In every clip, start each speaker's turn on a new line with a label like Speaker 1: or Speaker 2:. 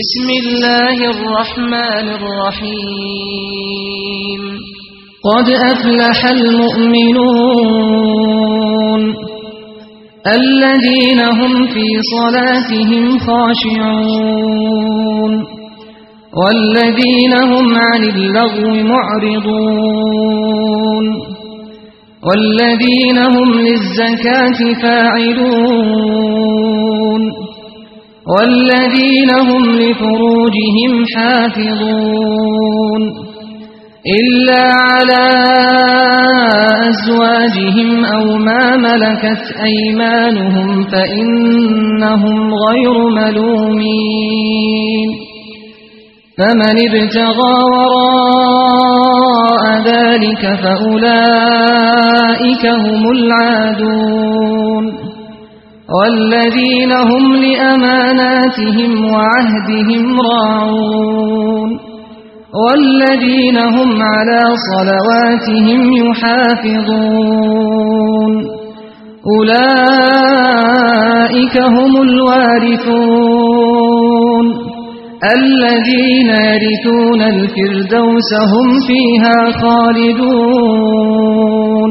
Speaker 1: بسم الله الرحمن الرحيم قد أفلح المؤمنون الذين هم في صلاتهم خاشعون والذين هم عن اللغو معرضون والذين هم للزكاة فاعلون والذين هم لفروجهم حافظون إلا على أزواجهم أو ما ملكت أيمانهم فإنهم غير ملومين فمن ابتغى وراء ذلك فأولئك هم العادون والذين هم لأماناتهم وعهدهم راعون والذين هم على صلواتهم يحافظون أولئك هم الوارثون الذين يرثون الفردوس هم فيها خالدون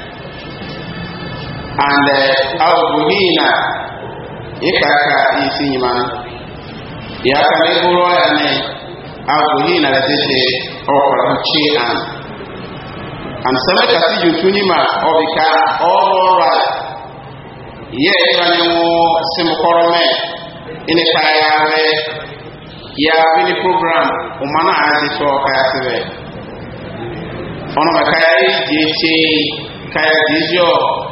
Speaker 2: and uh, abuhina ịka aka isi nyima ya aka na eburu ya ne abuhina da zai ọkwara chi an and sami ka si yutu nyima ọbika ọrụ ọrụ a ya ịka ne mu simkọrọ me ịnị ka ya re ya bini program ụmana azi tọ ọka ya sibe ọnụ maka ya iji eche ka ya dị ezi ọrụ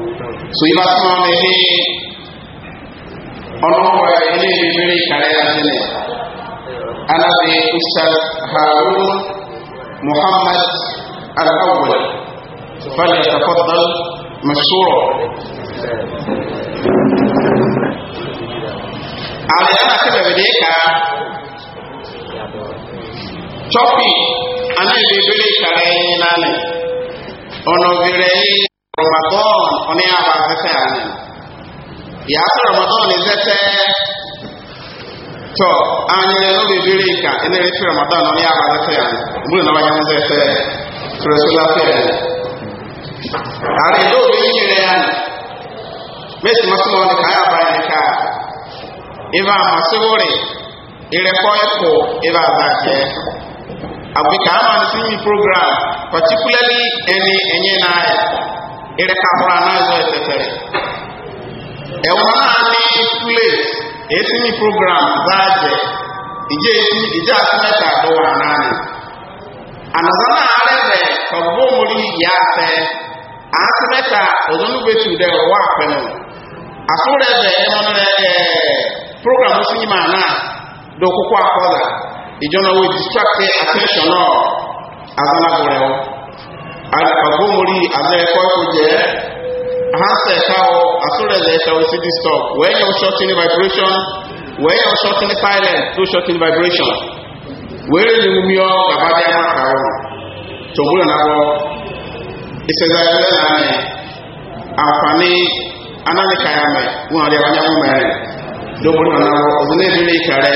Speaker 2: so ibà tí wọn lè ní ọlọ́wọ́ ilé ìrírí kàrẹ́ àtẹlẹ alábi ustaz harun muhammad alawal fàlẹ́ àtàkọ́tàl mashuro. àwọn yàrá ti bẹ̀rẹ̀ dé ká chọ́pì anáìlè ìrírí kàrẹ́ yín lánàá ọ̀nà òbí ramadan ɔne aba afɛfɛ ano yàtɔ ramadan ne zɛtɛ tɔ anyere no bebere nka ɛna efi ramadan ɔne aba afɛfɛ ano ɔmuli na wanyɛ zɛtɛ torosola fɛ ano ari do obi nyere ya no mesi ma sɔmɔ ne kaa aba ne kaa eva ama sewore irekɔ ɛko eva aza kyɛ abika ama ne swimming program particularly ɛne ɛnyɛ. ịrị ka hụrụ anaghịzọ etetere ewu naanị plate etinye program zaaje ije ije asịmeta dụwa naanị na-arịbe e e, mụrụ ya ase asịmeta ozonugbetu de ụwa program osinye ma na dị akwụkwọ ijọ na we distracted agbomori ana ẹkọ ẹkọ jẹ hansa ẹka ọ asọrẹlẹ ẹka ọ cd stop wẹẹ yẹ ọ vibration wẹẹ yẹ ọ shortening silence tó shortening vibration wẹẹrẹ ni mu yọ baba dẹ ẹ maka ọ tòbúrò náà wọ ìṣẹ̀dá ẹlẹ́ náà mẹ àǹfààní anáníkàyàmẹ wọn àdé wáyà wọn mẹrin dòbúrò náà wọ ọdún ẹbí ní ìkàrẹ́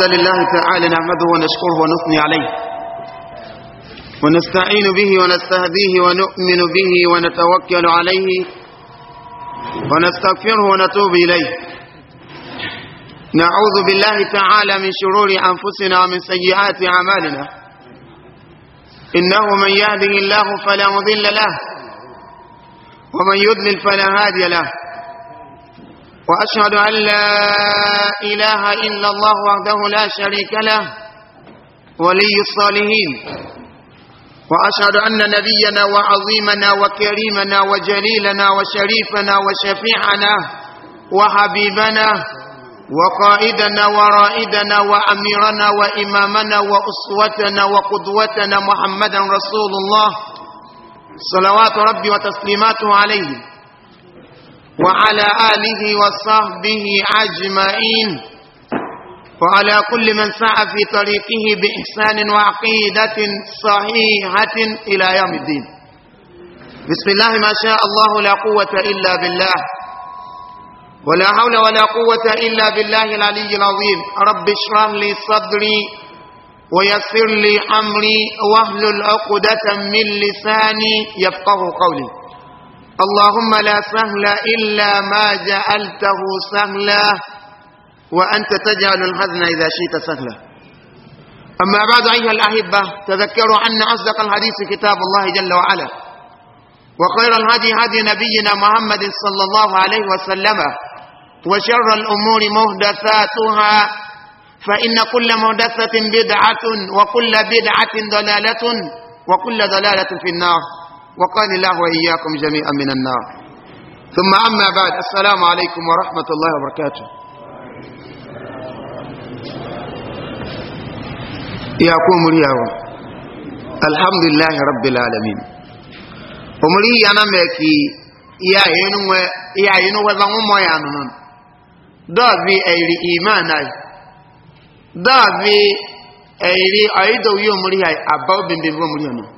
Speaker 3: الحمد لله تعالى نعمده ونشكره ونثني عليه ونستعين به ونستهديه ونؤمن به ونتوكل عليه ونستغفره ونتوب إليه نعوذ بالله تعالى من شرور أنفسنا ومن سيئات أعمالنا إنه من يهده الله فلا مضل له ومن يضلل فلا هادي له وأشهد أن لا إله إلا الله وحده لا شريك له ولي الصالحين وأشهد أن نبينا وعظيمنا وكريمنا وجليلنا وشريفنا وشفيعنا وحبيبنا وقائدنا ورائدنا وأميرنا وإمامنا وأسوتنا وقدوتنا محمدا رسول الله صلوات ربي وتسليماته عليه وعلى آله وصحبه أجمعين وعلى كل من سعى في طريقه بإحسان وعقيدة صحيحة إلى يوم الدين بسم الله ما شاء الله لا قوة إلا بالله ولا حول ولا قوة إلا بالله العلي العظيم رب اشرح لي صدري ويسر لي أمري واهلل عقدة من لساني يفقه قولي اللهم لا سهل إلا ما جعلته سهلا وأنت تجعل الحزن إذا شئت سهلا أما بعد أيها الأحبة تذكروا أن أصدق الحديث كتاب الله جل وعلا وخير الهدي هدي نبينا محمد صلى الله عليه وسلم وشر الأمور مهدثاتها فإن كل مهدثة بدعة وكل بدعة ضلالة وكل ضلالة في النار وقال الله وإياكم جميعا من النار ثم أما بعد السلام عليكم ورحمة الله وبركاته يقوم اليوم الحمد لله رب العالمين أمري أنا مكي يا ينو يا ينو وزن ما ينون دافي أيري إيماني دافي أيري أيدو يوم ريحي أباو بن بن يوم ريحي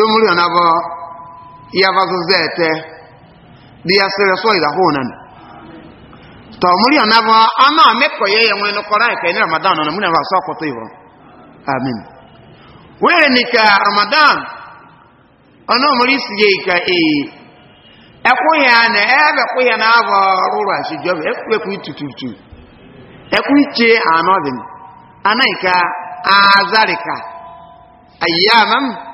Speaker 3: domuri onabo yavazo zete dia sere so ida honan to muri onabo ama me koye yenwe no kora e ni ramadan na muna so ko to ibo amen were ni ka ramadan ono muri sije ka e ekwu ya na ebe kwu ya na abo ruru asijo be ekwu ekwu tututu ekwu iche anodin anaika azarika ayyaman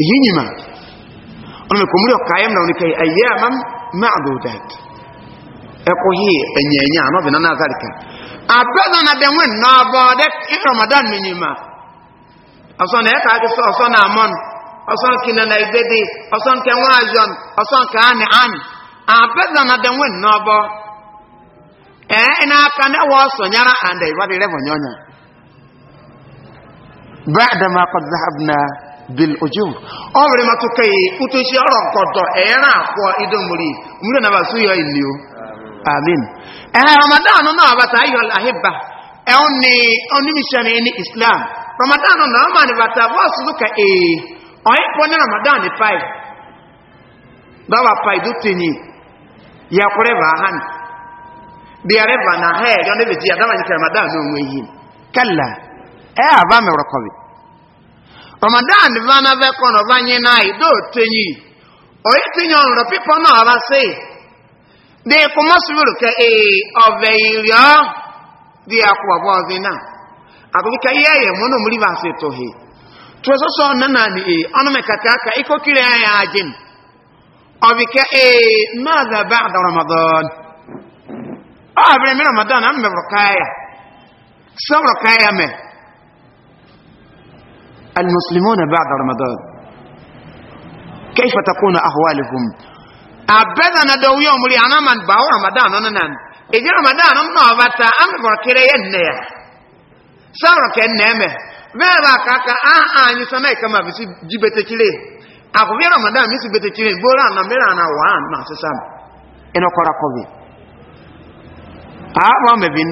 Speaker 3: èyí nyìmá ọ̀nà kò múlò káyẹ̀m náà nìkan ẹ̀yẹ́ àmà máa dòdàt ẹ̀kọ́ yìí ẹ̀yẹ na àmà bìnà náà zàlìkà àbẹ́nà náà dẹ̀ wọ́n nà na dẹ́ ramadan mi nyìmá ọ̀sán na ẹ̀ka akẹ́sọ̀ nke náà na ọ̀sán kìnnà nke ìgbédè ọ̀sán kẹwọ́n àjọm ọ̀sán aka zahabu bil ojúr ọ̀rẹ́ ma tó kẹ́yẹ kútó ṣe ọ̀rọ̀ gọ̀dọ̀ ẹ̀ràn àpọ̀ ìdómori múlẹ̀ náà amin ẹ̀hẹ́ ramadan náà bá sáyọ àhíbà ẹ̀hún ni onímìṣẹ́ ni ní islam ramadan náà ma ní bàtà bọ́ọ̀sì lókà èè ramadan ramadan vana vekon vanye na tenyi oye tinye onro pipo na ora se de kuma suru ke e ove ilio di akwa bozi na abubi ka ye mono muri ba se to he to so so na na ni e, ono me kaka ka iko kire ya ajin e madha ba'da ramadan ah, ramadan am me kaya المسلمون بعد رمضان كيف تكون أحوالهم أبدا دو يوم لي أنا من باو رمضان أنا نان إذا رمضان أنا أبتا أنا بركري النية سارك النعمة بابا كاكا آه آه نسمع كما بسي جبتة كلي أخوي رمضان ميسي بتة كلي بولا أنا ميرا أنا وان ما سسام إنه كورا كوبي أعوام آه، بين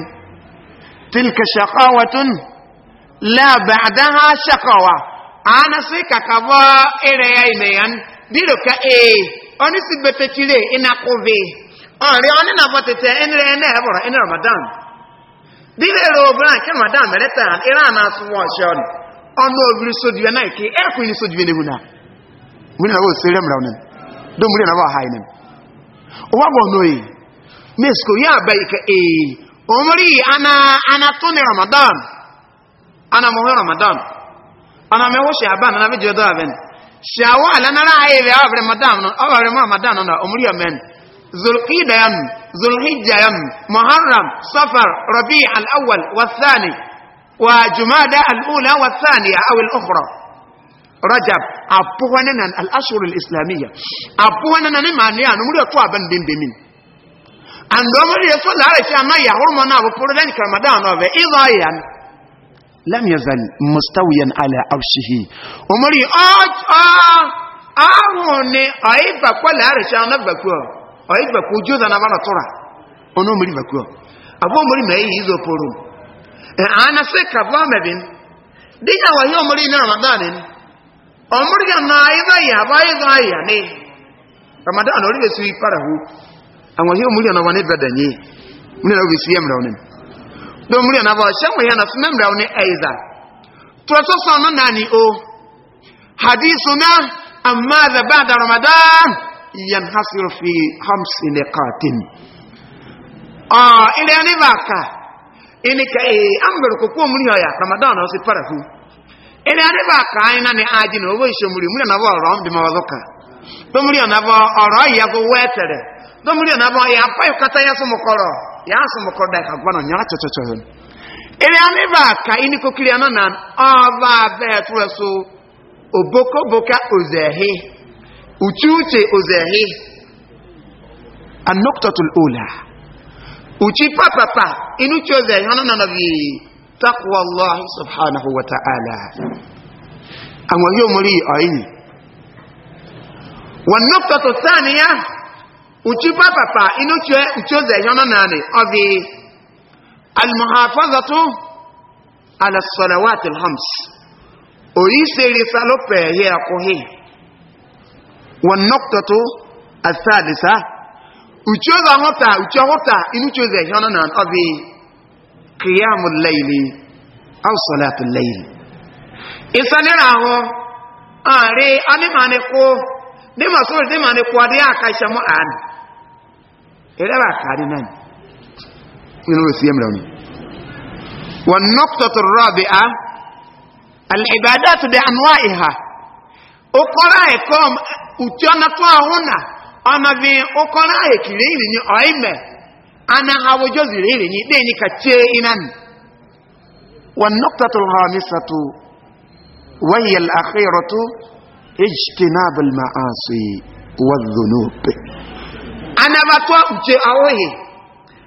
Speaker 3: تلك شقاوة la ba'daha shaqawa ana sai ka kabo ere yayi me yan dilo ka e oni si bete chire ina kove ori oni na botete enre ene eboro ene ramadan dile ro bran ke ramadan mereta ira na so wo shon ono obiri so diwe na ke e ko ni so diwe ne huna muna wo sere mra onen do mure na ba hainen o wa go no yi mesko ya ba ke e omri ana ana to ni ramadan انا مو هنا مدام انا مو هنا شابان انا بجي دو افن شاوا على انا راي في افري مدام او افري ما مدام انا امري امن ذو القيدة يم ذو الحجة يم محرم صفر ربيع الاول والثاني وجمادى الاولى والثانية او الاخرى رجب ابوانا الاشهر الاسلامية ابوانا نمانيا نمريا توا بن بن بن
Speaker 2: عندما يصل على شيء ما
Speaker 3: يحرمنا وفرلنك رمضان وفي إضايا يعني لم يزل مستويا على عرشه عمري اج اه اهوني اي باكو لا رشا انا باكو اي باكو جوز انا بنا تورا اونو مري باكو ابو مري ما يي زو بورو انا سكا بو مبين دي يا وهي عمري نا رمضان عمري انا ايضا يا باي زاي يعني رمضان اوري بسوي بارهو awon yi omuri ona wani badanye ni na obi su yamra onin domri na ba shan mu yana sunan rawo ne aiza professor no nani o na amma da ba'da ramadan yanhasir fi khams niqatin ah ile ni baka ini ka e eh, ambar ko ko muri ya ramadan o si parahu ile ni baka ina ni aji no bo ishomuri muri na ba ro ndi mawazoka domri na ba oro ya go wetere domri na ba eh, ya pa yukata ya sumukoro yaso mokoda ka gwana nyala chochocho hen ele ameba ka ini kokiri anana ava betu so oboko boka ozehi uchuche ozehi anoktatul ula uchi papa pa inu choze hanana na bi taqwa allah subhanahu wa ta'ala amwa hiyo muri aini sani ya. uchikwa papa inuchie uchoze yono nani ovi almuhafazatu ala salawat alhams orise risalope hiya kuhi wanoktatu athalisa uchoza hota ucho hota inuchoze yono nani ovi qiyamu layli au salatu layli isanira aho are animane ko dema so dema ne kwade aka shamu ani إلا كاري نان يسيم لوني والنقطة الرابعة العبادات بأنواعها أقرأي كوم أتيانا هنا أنا في أقرأي كليني أعيمة أنا هاو جوزي ليني ديني كتير والنقطة الخامسة وهي الأخيرة اجتناب المعاصي والذنوب anabatwa uche awohe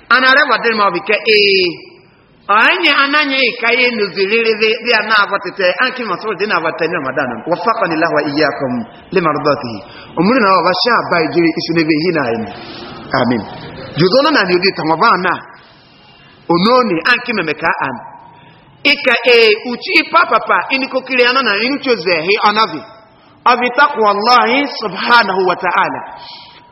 Speaker 3: anareba dirma bike ee eh, anye ananye ikaye nuziririze dia na abatete anki masoro dina abatani ramadan wafaqani allah wa iyyakum limardatihi umuri na basha bayjiri isunebe hina amen amen juzona na ni odita mabana ononi anki memeka an ika e uchi papapa inikokiri anana inuchozehi anavi avitaku wallahi subhanahu wa ta'ala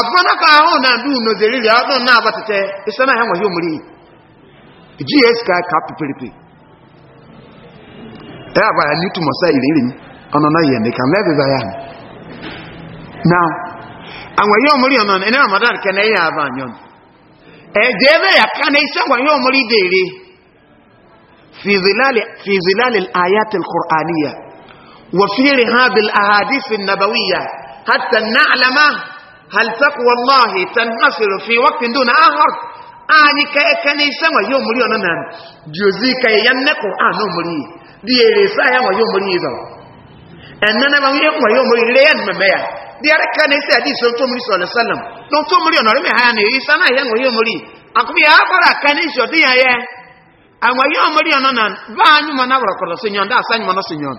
Speaker 3: abana ka ahụ na ndị unu zeriri anụ na abatete ịsa na ya nweghị omuri gs ka ka pipiripi ya bara ni tumasa iriri m ọnọ na ihe ka mebe ba ya na anweghị omuri ọnọ na ramadan ke na ihe aba anyọ eje ebe ya ka na isa nweghị omuri dịrị في ظلال الآيات القرآنية وفي رهاب الأحاديث النبوية حتى نعلم هل تقوى الله تنحصر في وقت دون آخر أني كأكني سما يوم مليون نان جوزي كي ينكو آنو ملي دي رسا يوم يوم ملي إذا أننا ما يوم يوم ملي لين مبيا دي أركني سيدي سلطة ملي صلى الله عليه وسلم نوتو مليون رمي هاني إسانا يوم يوم ملي أكبر أبرا كني سيدي أيه أما يوم مليون نان بانيو منابرا كرسينيون دا سانيو منسينيون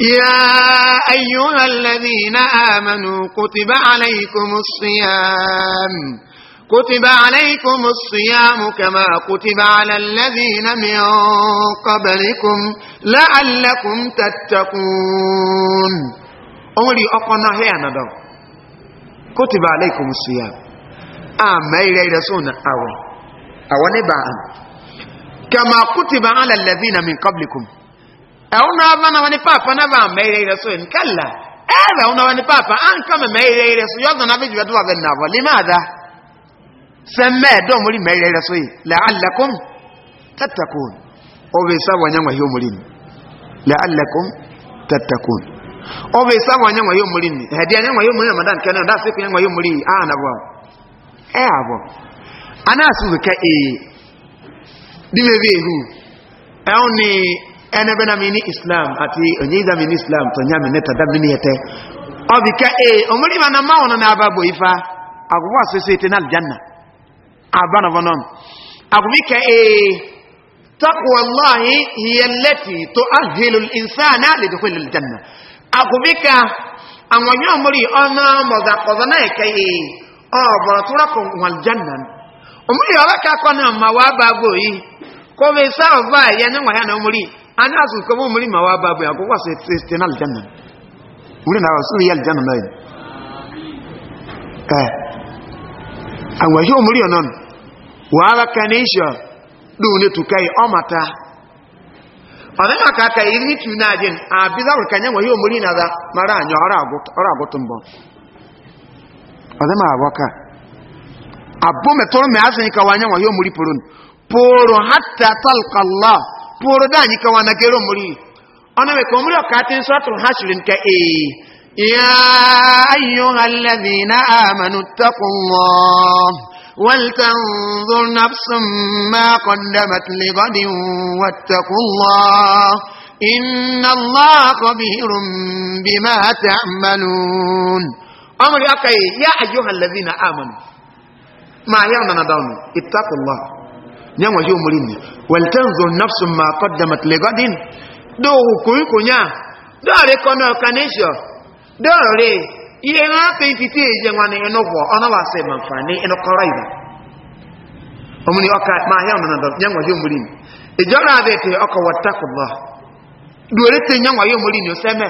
Speaker 3: يا أيها الذين آمنوا كتب عليكم الصيام كتب عليكم الصيام كما كتب على الذين من قبلكم لعلكم تتقون أولي أقنا أنا دو كتب عليكم الصيام أما إلى رسولنا أوي أواني كما كتب على الذين من قبلكم ɛwona aba na wani papa na ba mɛ yɛrɛ yɛrɛ so yɛ nkala ɛɛbɛ ɛwona wani papa an kama mɛ yɛrɛ yɛrɛ so yɔdɔn na bi jɛ dɔw bɛ na bɔ mori mɛ so yɛ la tatakun o bɛ sa wa ni la tatakun o bɛ sa wa ni hɛdiya nyɛnwa yɛ mori ni madan kɛnɛ da se ko nyɛnwa yɛ mori ni aa kɛ ee dimi bɛ ɛwɔ ni. ẹni bẹ́ẹ̀ na mi ní islam àti onye ìdá ní islam tó nyá mi ní tàdá mi ní ẹ̀tẹ́ ká ẹ ọmọdé ma na máa wọn náà bá bò ifá àgùfọ́ àṣẹṣe ètè náà àlùjáná àbánàbọ̀ náà ká ẹ takwa allahi hiya lati to ahilu insana le dukwe lil ká àwọn yóò ọ̀nà kọ́mí sáà anya asụ nke ọmụ mmiri ma wa bụ ya akwụkwọ asị site na aljanna wuri na rasul ya aljanna na yi ee agwa ihe omuri ọ nọn wa agha ka n'isha dune tuka yi ọmata ọ na maka aka iri tu na a biza ka nye ihe omuri na za mara anyị ọrụ agụtụ mbọ ọ ma ka abụ hatta pụrụ da anyị kawa na gero mụrụ ọ na-eme ka omuri ọkatị nsọ atụrụ ha shiri nke ee ya ayyuha alladhina amanu taqullah ولتنظر نفس ما قدمت لغد واتقوا الله إن الله خبير بما تعملون أمر أكي يا أيها الذين آمنوا ما يغنى دون اتقوا الله nyanwa yo mulini wal tanzur nafsun ma qaddamat ligadin do hukuri kunya do re kono kanisho do re iye na pe fiti eje nwa ni eno bo ono wa se manfani eno kora ibe omuni oka ma he ono ndo nyanwa yo mulini ijora be te re te nyanwa yo mulini oseme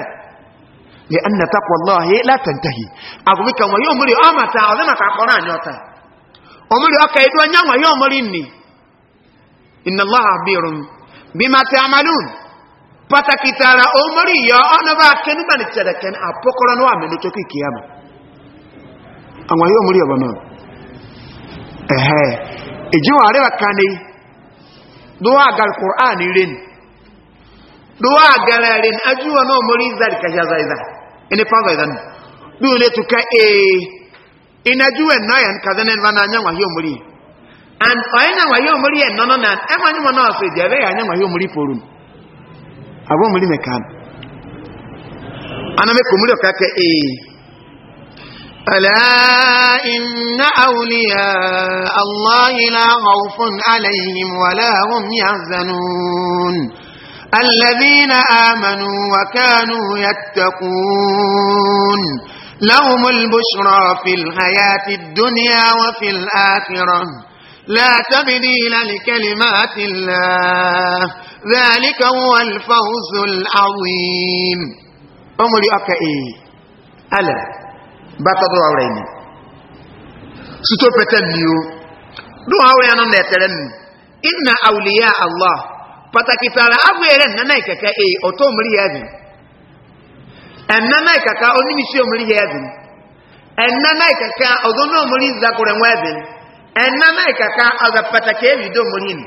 Speaker 3: li anna taqwallahi la tantahi agumika nwa yo mulini amata ozema ka kora anyota omuli oka ido e nyanwa inna allah abirun bima ta'malun bimata tara patakitara yo ona ba kenu ba ni ken apokoro no amenu to kiyama àwọn yo mori obama ehe eji wa re bakani do gal qur'an rin do aju wa no zalika ene e inaju en na and ọ̀yẹ́nà wàyé omori ẹ̀ nọ́nọ́ na ẹ̀mọ́ ẹ̀yìn mọ́nà ọ̀sọ̀ èdè ẹ̀rẹ́ yànyẹ́ wàyé omori poru àbọ̀ omori mẹ́ka anamẹ́ kò múlò kákẹ́ ee ألا إن أولياء الله لا خوف عليهم ولا هم يحزنون الذين آمنوا وكانوا يتقون لهم البشرى في الحياة الدنيا وفي الآخرة لا تبديل لكلمات الله ذلك هو الفوز العظيم أمري أكئي ألا باتدو أوريني ستو بتنيو دو أورينا نترن إن أولياء الله pataki tara agbere nana ikaka e, e oto omri yadin enana ikaka e onimisi omri yadin enana ikaka e ozono omri zakure nwedin ɛnna náà e kaka ɔdɛ pataki ebi do mo yin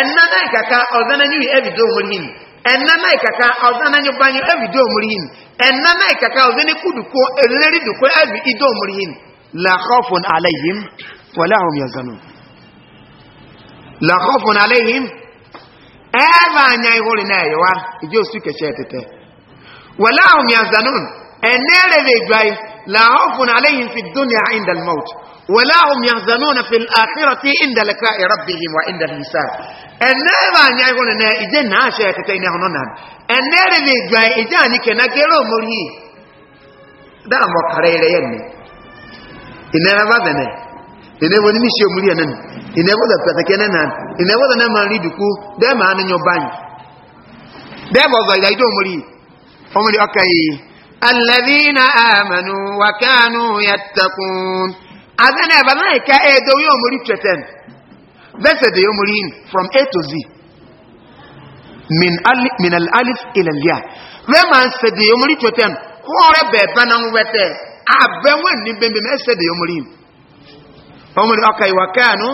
Speaker 3: ɛnna náà e kaka ɔdɛ nanyu ebi do mo yin ɛnna náà e kaka ɔdɛ nanyu banyu ebi do mo yin ɛnna náà kaka ɔdɛ ne kuduko eleri duko ebi ido mo yin la kɔfun alayhim wala hum yazanu la kɔfun alayhim ɛɛba anya ihori náà yɛ wa ìdí osu kɛkyɛ tɛtɛ wala hum yazanu ɛnna ɛrɛ bɛ gba yi la kɔfun fi dunya indal mawt. ولا هم يحزنون في الآخرة عند لقاء ربهم وعند الحساب النبا نيغون ان إجن ناشا كتين هنونان نعم. النبي جاي إجان كنا كيلو مري ده ما كاري ليني إن ربا بنا إن وني مشي مري نان إن ودا بتكنا نان إن ودا نما ريدكو ده ما نيو بان ده ما زاي دو مري فمري أوكي الذين آمنوا وكانوا يتقون azana ebana ka edo eh, yo omori tweten verse de omori from a to z min al min al alif ila al ya we man se de omori tweten hore be bana nwete abenwe ni bembe me se de omori omori akai wa kanu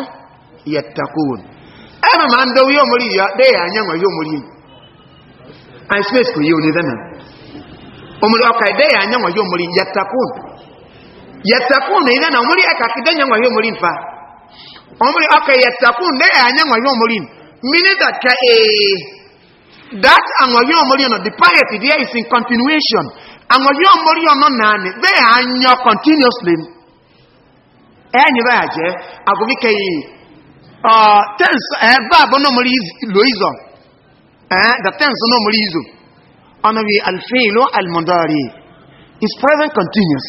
Speaker 3: yattakun ama eh, man do yo omori ya de anya nwa yo omori ai space ko yo ni dana omori akai de anya nwa yo omori yattakun yẹtẹkùn ní ìdẹ́nà ọmọrí ẹ̀kàkì dẹ́nyẹ̀ wọ̀nyí ọmọrí nfa ọmọrí ọkẹ yẹtẹkùn dẹ́ ẹ̀yẹ wọ̀nyí ọmọrí meaning that ka ee eh, that anwọ̀nyí ọmọrí ọ̀nà the piety there is in continuation anwọ̀nyí ọmọrí ọ̀nà nàní bẹ́ẹ̀ anyọ continuously ẹ̀yẹ eh, bẹ́ẹ̀ jẹ́ agobi kẹyì ọ̀ ah, tens ẹ̀ eh, báàbọ̀ náà ọmọrí loizọ ẹ̀ the tens náà ọmọrí izọ ọ̀nà bíi alfẹ́ ìlú almọ̀dọ́rì is present continuous.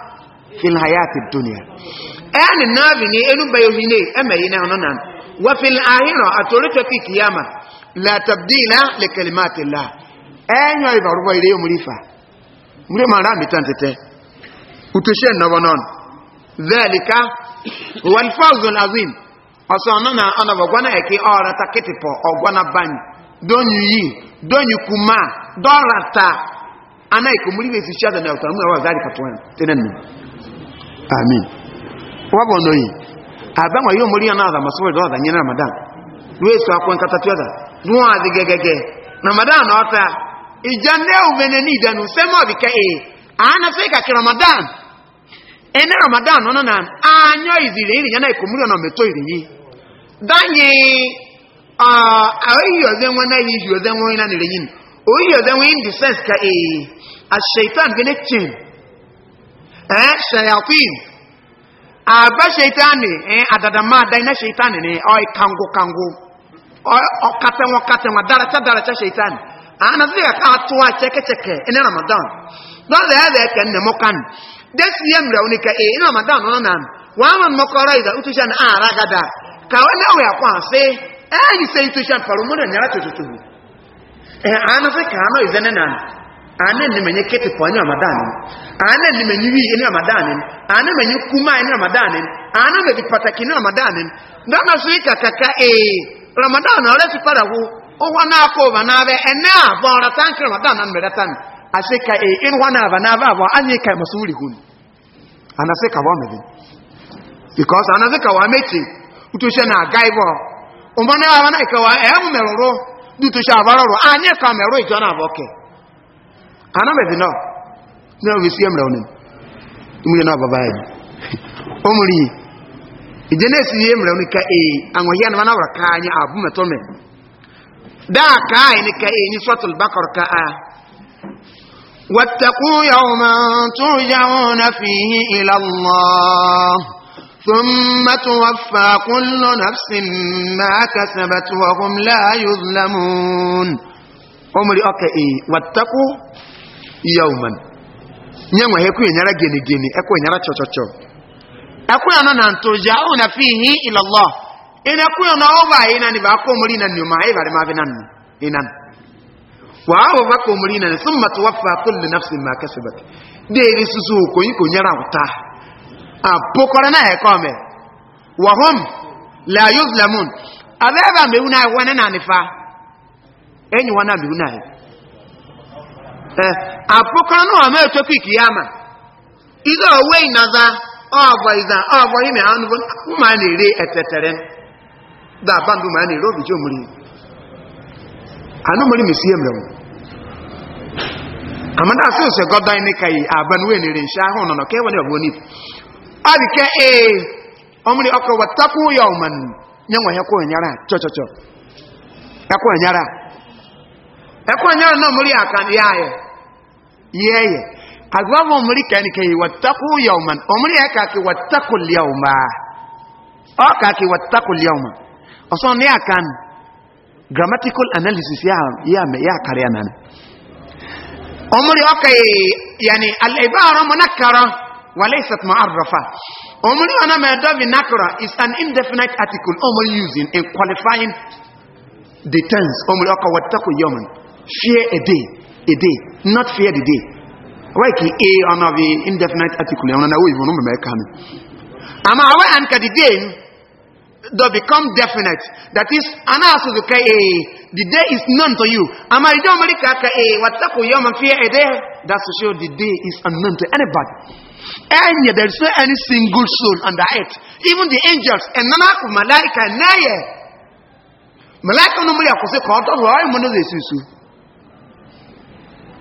Speaker 3: fil hayati dunya ɛni naabi ni enu bɛ yomi ne ɛmɛ yi na ɔno nan wa fil ahira atori toki kiyama la tabdila le kalimati la ɛnyɔ ibaruba ire yomuri fa mure ma ra mi tan tete utoshe nɔbɔ nɔn zɛlika walfawzul azim ɔsɔn nana ɔnabɔ gwana eke ɔra ta kitipɔ ɔgwana bani donyu yi donyu kuma dɔrata ana ikomuri bɛ amin Wabu Aba wabona yi abama yo muri yana da masoro da nyina ramadan we so akon kata twada nuwa digegege ramadan ota ijande umeneni ka ee. bika na e. ana ka ki ramadan ene ramadan ona na anyo izire iri yana ikomuri ona meto iri yi danye ah ayi yoze nwana yi yoze nwana ni leyin oyi yoze nwana in the sense ka e as shaitan gene change eh shayatin aba ah, shaitani eh adadama dai na shaitani ne oi kango kango o kate won kate won daracha daracha shaitani ana ah, zai ka atuwa cheke cheke ina ramadan don da ya ke ne mokan des yem ra unika e eh, ina ramadan ona nan wa man mokora ida utushan ara ah, gada ka wani awe akwa se eh ni sai utushan faru mun ne ra tututu eh ana zai ka no izene na. ane ne menye kete po ene ramadan ane ne menye wi ene ane menye kuma eh, ene ramadan ane ne pataki ene ramadan na na so ikakaka e ramadan ole ọrụ para hu o na ko ba na be ene a ramadan na mere tan ase ka e in na ba na ba bo anye ka masuri hun ana se ka wa me ka wa na o mo na wa na ka wa e mu meroro du ka ijo na ana mɛ fina na obi si emra onim mu yɛ na ɔbaba yɛ ɔmuri ìdí náà si yɛ emra onim ka ee anwɔyɛ na wana wura kaa nye abu mɛtɔ mɛ daa kaa yɛ ne ka ee nye sɔtul bakar ka a واتقوا يوما ترجعون فيه إلى الله ثم توفى كل نفس ما كسبت وهم لا يظلمون أمري أوكي واتقوا yawman nyanwa hekwe nyara geni geni ekwe nyara chochocho ekwe ana na ntoja au na fihi ila Allah ina kuyo na oba ina ni bako mulina nyuma ai bale mabinan inan wa abo bako mulina thumma tuwaffa kullu nafsin ma kasabat deri susu ko yiko nyara uta apokora na hekome wa hum la yuzlamun abeba meuna wana nifa. enyi wana meuna Eh, apụkọ na ọma echekwa ike ya ma ize owe inaza ọgbọ iza ọgbọ ime anụbọ ụmụ a na-ere etetere da abandu ma a na-ere obijo mmiri anụmiri mesi emere mụ amada asị ose gọda ime ka yi abandu wee na-ere nsha ahụ nọ ka ewere ọgbọ n'ibu ọ dị ka ee ọmụrị ọkọ watapu ya ọmanụ nye nwa ya kwa onyara chọchọchọ ya kwa onyara ɛkwan nyɛ ɔnɔ mmiri akan yɛ ayɛ yɛ yɛ agbafo mmiri kɛn kɛyi wɔtako yɛwoma ɔmmiri yɛ kaki wɔtako liɛwoma ɔkaki wɔtako liɛwoma ɔsɔn ne akan grammatical analysis yɛ yɛ mɛ yɛ akari anan ɔmmiri ɔkɛyi yanni alɛbaara mo nakara wale isat mo arrafa ɔmmiri ɔna mɛ dɔbi nakara is an indefinite article ɔmmiri using in qualifying the tense ɔmmiri ɔkɛ wɔtako yɛwoma. Fear a day, a day, not fear the day. Why ki a on of indefinite article on an away from American. Am I aware and the day they become definite? That is, an answer to a the day is known to you. Am I don't make a what's up with you and fear That's to show the day is unknown to anybody. And yet there is no any single soul under it, Even the angels, and Nanaku Malaika Naye. Malaika no Mulia Kose Koto, why Mono Zesu?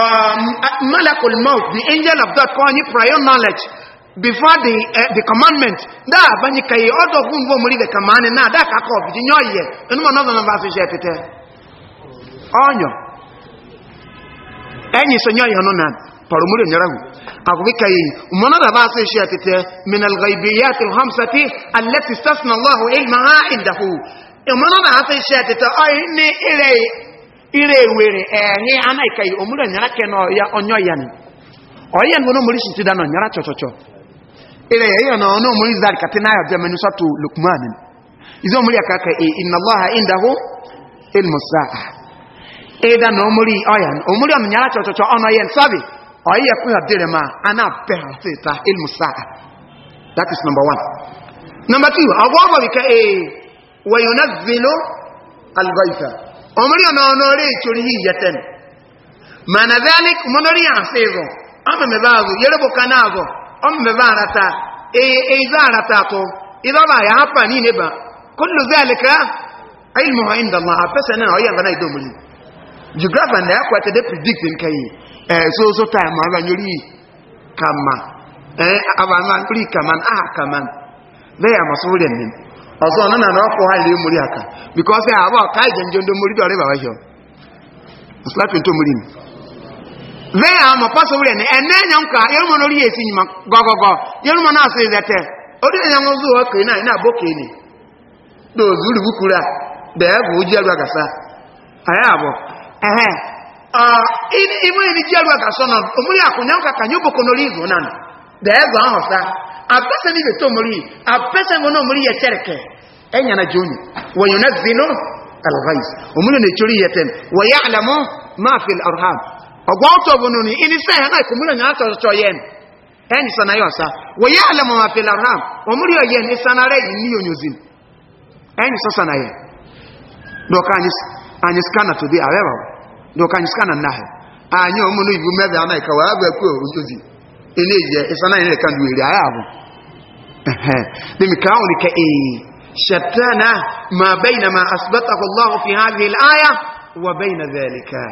Speaker 3: um, uh, malakul maut the angel of god kọ́ prior knowledge before the uh, the commandment dáa bẹ́ni kẹyẹ ọdọ̀ fún gbọ́ mú rí the commandment náà dáa kakọ̀ bìí yọ yẹ You know náà number fi ṣe pẹ̀tẹ́ ọ̀yọ̀ ẹ̀yìn Any yọ yọ náà parumuri nyarahu akubi kayi umana da ba sai shi atete min al-ghaibiyat al-khamsati allati istasna Allah ilmaha indahu umana da sai shi atete ay ni ilay ire were ehi anaghị ka omuru ọnyara ke na ọya ọnyọ ya ni ọya nwe n'omuri shi tida na ọnyara chọchọchọ ire ya na ọna omuri zari kati na ayọbịa menu sọtụ lukman izo eh, omuri aka ka e inna allaha indahu il-Musaa. ida na omuri ọya omuri ọnyara chọchọchọ ọnọ ya nsabi ọya kwe ha dịrị ma a na-apị ha sita il-Musaa. that is number one number two ọgwọ ọgwọ bi ka e eh, wayonazilo algoitha omuli ono onoole ekyolihiyatan mana dhalik monoli yansi ezo amame baazo yelobokana azo omame baalata eizaalataako e idoba yahapa nineba kullu dhalika ilmuhu inda allah apesa nena oyanva naido omuli geography nda yakwatede predict nkai e, soso time abanyoli kama abantu e, abanyoli kama aha kaman beya masuulen nini ọzọ nọ na ọkụ ha ile mori aka bikos ya ah, abụọ ka ije njọ ndị mori dọrọ ịbawa hịọ ọsụlapị ntọ mori ve ya ma pasọ wuri ene ene nya nka yeru mọ n'ori esi nyima gọgọgọ yeru mọ na-asụ izete ori enya nwa zuwa ọkụ ina ina abụọ ka ene na ozu uri bukura da ya bụ oji arụ agasa aya abọ ehe imu enyi ji arụ agasa nọ omori akụ nya nka ka nyoboko n'ori izu na da ya ahụ saa apesa ni beto muri apesa ngono muri ya tereke enya na joni wa yunazzilu alghaiz omuno ne chori yeten wa ya'lamu ma fi arham ogwato bononi ini se na kumula nya to to eni sana yosa wa ya'lamu fi arham omuri yen isana re ni yonyozin eni sasa na yen doka anyis anyis kana to be aweba doka anyis kana nahe anyo omuno ibu mebe anaika eléyìí ẹsẹ náà yẹn nìkan ju èrè ayé àbò lèmi kan àwọn nìkan ee ṣètẹ́nà máa bẹ́yìn náà máa asibẹ́tà fọlọ́hùn fi hàn lè láyà wà bẹ́yìn náà bẹ́ẹ̀ nìka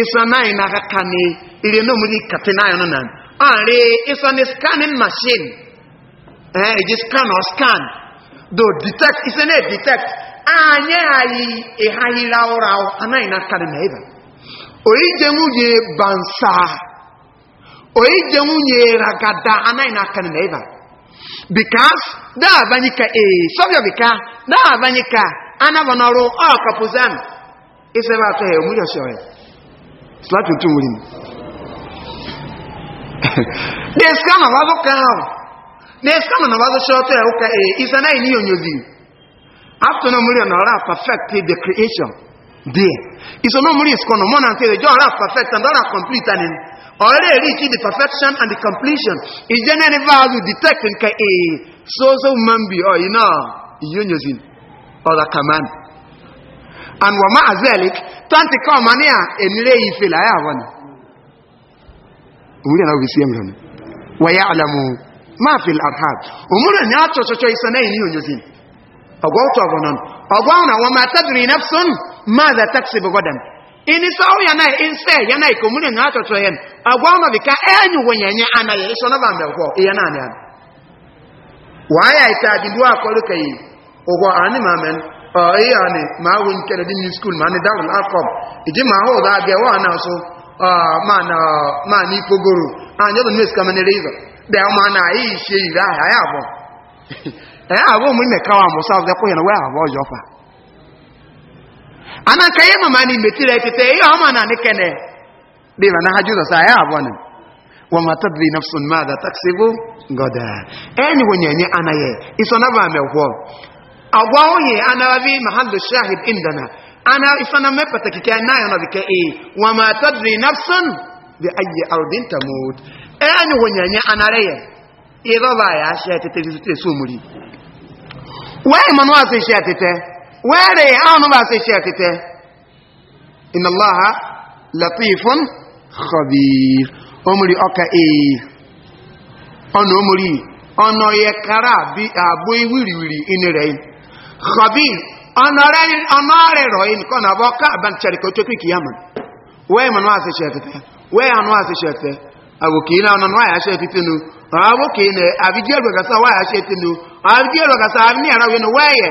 Speaker 3: ẹsẹ náà yẹn náà kàn ní èrè náà mo ní kàtí náà yẹn náà ààrẹ ẹsẹ scanning machine ẹ ẹ scan or scan do detect ẹsẹ detect ààyè àyè ìhàyè ráúráú àná yẹn náà kàn ní mẹ́ẹ̀bà òyìn jẹ́ mú yẹ bàǹsà. Oyi oyije nwunye ragada anaghị n'aka na ịba because na-abanye ka ee eh, sọbịa bika na-abanye ka anaba n'ọrụ ọ kapụzan isebe atọ ya eh, omuri ọsịa ọya slatu tu nwuri m na-esika na ọbazụ ka ahụ na-esika na ọbazụ shọtụ ya ụka ee eh, isa naghị n'ihe onyozi after no muri na ọrụ perfect the creation there isonomuri is kono mọ na nke ọrụ perfect and ọrụ complete and already reached the perfection and the completion is then any value detect nka a eh, so so man be or oh, you know iyonyozin or the command and wa ma azalik tanti come ania enire ife la ya won umuri na obisi emron wa ya'lamu ma fil arhab umuri ni atochocho isana iyonyozin ogwo to ogonon ogwo na wa ma tadri nafsun ماذا تكسب غدا inisa sawo eh, ya na yana ya na atoto ka agwama bika enyu wenyenye anaye isona bambe ko yana ne ya waya itaji ndwa ụgwọ yi ogwa ani ma new oh, school ma ah, iji ma da wa na so ah, ma na ma ni ma na yi she ira ya abụọ. Eh, kawa ana ka yi mamani metire tete yi ọma na nike ne bi ma na ha jizọs a ya abụọ ne wọn ma tabi nafsun ma da taksibu goda ẹni wọn yẹnye anaghị iso na ba mẹwọ agwa ohi anaghị mahallu shahid indana ana iso na mẹ pataki kẹ na yọ na bi kẹ e wọn ma tabi nafsun bi ayi ardin tamut ẹni wọn yẹnye anaghị ịrọba ya ṣe tete visite so muri wẹ́ẹ̀ mọ́nú àti ṣe tete wẹ́rẹ̀ àwọn bá ṣe ṣe àtẹ́tẹ́ iná láha latifun khabir omori ọka ee ọ̀nà omori ọ̀nà yẹ kara bí àbó wìrìwìrì inú rẹ̀ khabir ọ̀nà rẹ̀ rọ̀ yìí nìkan àbọ̀ ká àbáńtẹ̀rẹ̀kẹ́ tó kìkì yá mọ̀ wẹ́ẹ̀ mọ̀ náà ṣe ṣe àtẹ́tẹ́ wẹ́ẹ̀ àwọn náà ṣe ṣe àtẹ́tẹ́ àwòkè náà ọ̀nà náà ṣe àtẹ́tẹ́ nu àwòkè náà àbíjẹ́ ìrọ̀gàsá wà ṣe àtẹ́tẹ́ nu àbíjẹ́ ìrọ̀gàsá àbí ní àrà wẹ́ẹ̀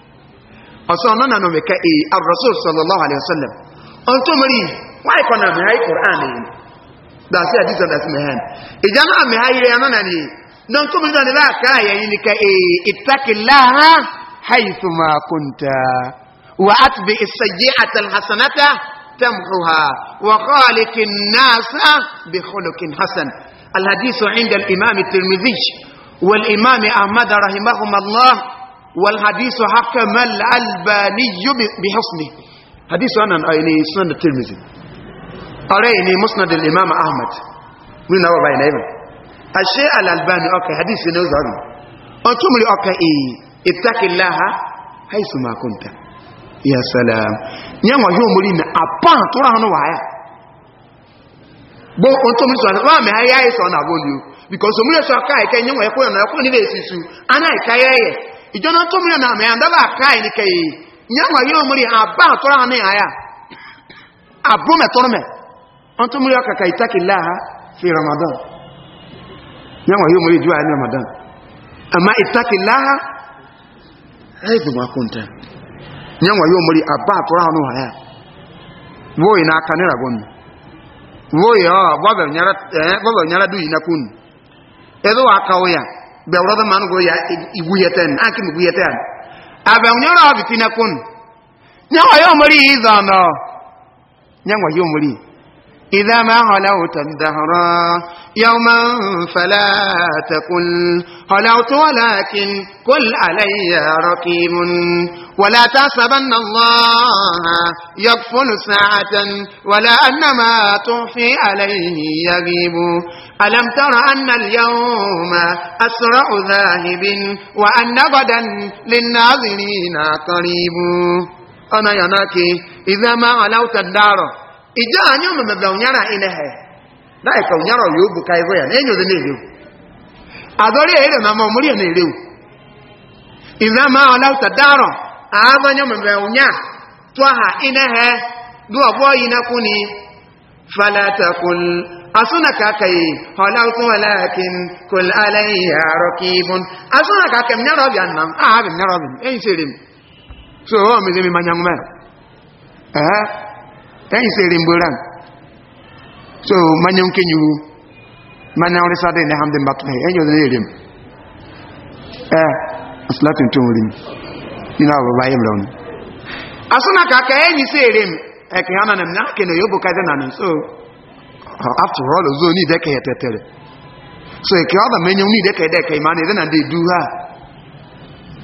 Speaker 3: ọ̀sán ọ̀nà nà mẹ́kẹ́ èyí arọ́sùl sọlọ́lọ́wà alẹ́sọ́lẹ̀m ọ̀n tó mọ̀rí wáyé kọ́ náà mẹ́háyé kùránì dàsí àdìsọ̀ dàsí mẹ́hán ìjà náà mẹ́háyé rẹ̀ ọ̀nà ni dọ́n tó mọ̀rí náà láàká àyẹ̀ yìí ni ká èyí ìtàkìláha haythuma kunta wa atbi isayi atal hasanata tamhuha wa khaliqin nasa bi khuluqin hasan الحديث عند الإمام الترمذي والإمام أحمد رحمهما الله والحديث حكم الألباني بحسنه حديث أنا أيني سنة الترمذي أريني مسند الإمام أحمد من هو بين أيمن الشيء الألباني أوكي حديث نوزاري أنتم لي أوكي إيه اتق الله حيث ما كنت يا سلام نعم يوم لنا أبان ترى هنا وعيا bo on to mi so na wa me ayi ayi so na bo ni o because o mi so ka e ke nyen e ko na e ko ni le sisu ana e ka ye ijo na to mure na me anda ba kai ni kai nyanwa yo muri aba to ra ni aya abu me to me on to mure ka kai takillaha fi ramadan nyanwa yo muri duwa ni ramadan amma ittaqillaha aibu ma kunta nyanwa yo muri aba to ha no aya wo ina kanira gon ah, wo yo baba nyara eh baba nyara du ina kun ya the northern man go igwuyete an akin igwuyete an and when you know all di tiniporn nyanwa yi omuri is on إذا ما علوت الدهر يوما فلا تقل علوت ولكن قل علي رقيم ولا تحسبن الله يغفل ساعة ولا أن ما تخفي عليه يغيب ألم تر أن اليوم أسرع ذاهب وأن غدا للناظرين قريب أنا يناكي إذا ما علوت الدهر ije anyị omemebe ụnyara inehe daịka ụnyara ọya obu ka ịgụ ya na enyo dị na-erewu adọrị ere na ma ọmụrụ ya na-erewu ịza ma ọlauta darọ aazanye omemebe ụnya tụọ ha inehe dụọ ọgbọ yi na kwuni falatakul asuna ka aka yi ọlautu walakin kul alayhi arọkibun asuna ka aka m nyara ọbịa nna m aha abịa m nyara ọbịa m enyi siri m so ọ mezi mi manya nwụma ya ẹ̀yìn sí erin so manye nke nyi wu manye ọrị sadị na hamdin batụlị ẹ̀yìn erin ẹ asịlatin tó nri nínú àwọn bàbá yẹn lọ́nà asúnà kàkà ẹ̀yìn sí erin ẹ̀kẹ́ hàn nà nà kẹ́nà yóò bùkà so after all ọzọ ní ìdẹ́kẹ̀ yẹ tẹ̀tẹ̀rẹ̀ so ẹ̀kẹ́ need mẹ́nyẹ́ ní ìdẹ́kẹ̀ ẹ̀dẹ́kẹ̀ ìmọ̀ ní ìdẹ́nà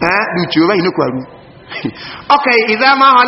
Speaker 3: ha ẹ̀ lùtù ọba yìí ní kwaru ọkẹ̀ ìdá máa hàn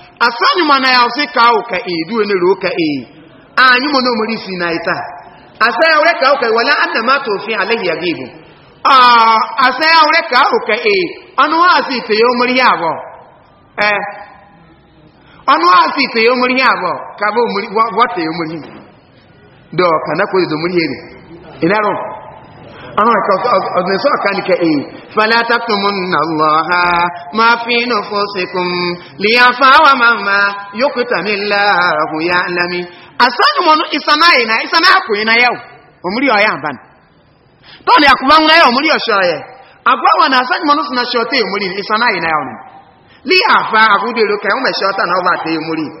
Speaker 3: asanyuma na ya se ka o ka e duwe ne ro ka e anyi mo no si na ita ya ore ka o ka wala anna ma atụ fi alaghị ya gị asaya Asa ya o ka e anu ha si te yo ya bo eh anu ha si ite ya mori ya bo ka bụ mori what te yo mori do kana ko do mori ere ọ̀nà ìsọ́ ọ̀kánikẹ̀ èyí fàlátàkùnmùnà lọ́ha ma fi inú fọ́síkùn lìyànfàwà nlami. yókùtà nílá àhùyá lámi asánimọ̀nù ìsanáyì na ìsanáyàkùnrin na yau omúrí ọ̀yá àbán na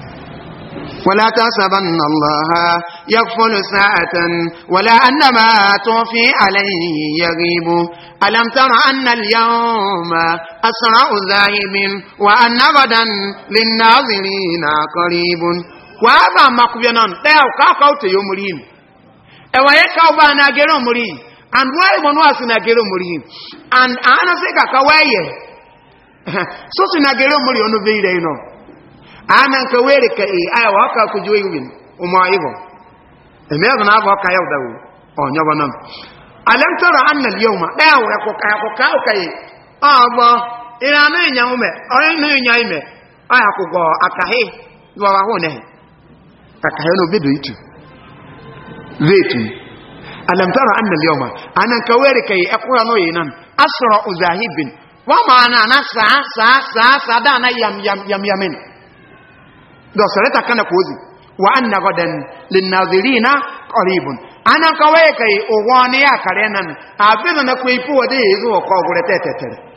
Speaker 3: ولا تحسبن الله يغفل ساعة ولا أنما ما توفي عليه يغيب ألم تر أن اليوم أسرع ذاهب وأن غدا للناظرين قريب وهذا مقبنا لا يقاقوت يوم رين ẹwà yẹ ká ọba na gẹrẹ ọmọrí and why wọn wá sí na gẹrẹ ọmọrí and àánà sí kàkà wáyẹ so sí na gẹrẹ ọmọrí ọ̀nà bẹ́ẹ̀ rẹ̀ náà anan ka were ka e aya wa ka ku juwe yubin umma ibo eme ya na ba ka ya dawo onyo ba nan alam tara anna al yawma da wa ko ka ko ka ka e aba ina na nya ume ore na nya ime aya ku go akahe do wa ho ne akahe no bidu itu zetu alam tara anna al yawma anan ka were ka e akura no yinan asra uzahibin wa ma'ana nasa sa sa sa dana yam yam yam yamin yam. dosoreta kana kozi wa anna gadan linnazirina qaribun ana kawai kai uwani ya karenan abin na kuifu wade yazo ko gure tetetere